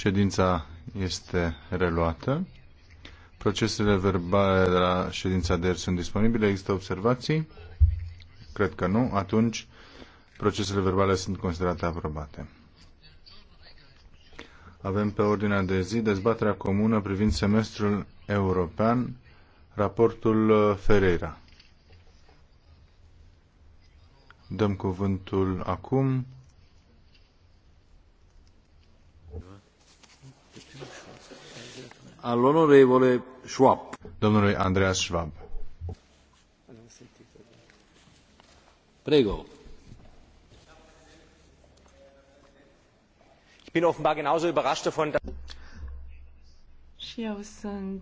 Ședința este reluată. Procesele verbale de la ședința de ieri sunt disponibile. Există observații? Cred că nu. Atunci, procesele verbale sunt considerate aprobate. Avem pe ordinea de zi dezbaterea comună privind semestrul european, raportul uh, Ferreira. Dăm cuvântul acum al Schwab. Domnului Andreas Schwab. Prego. și eu sunt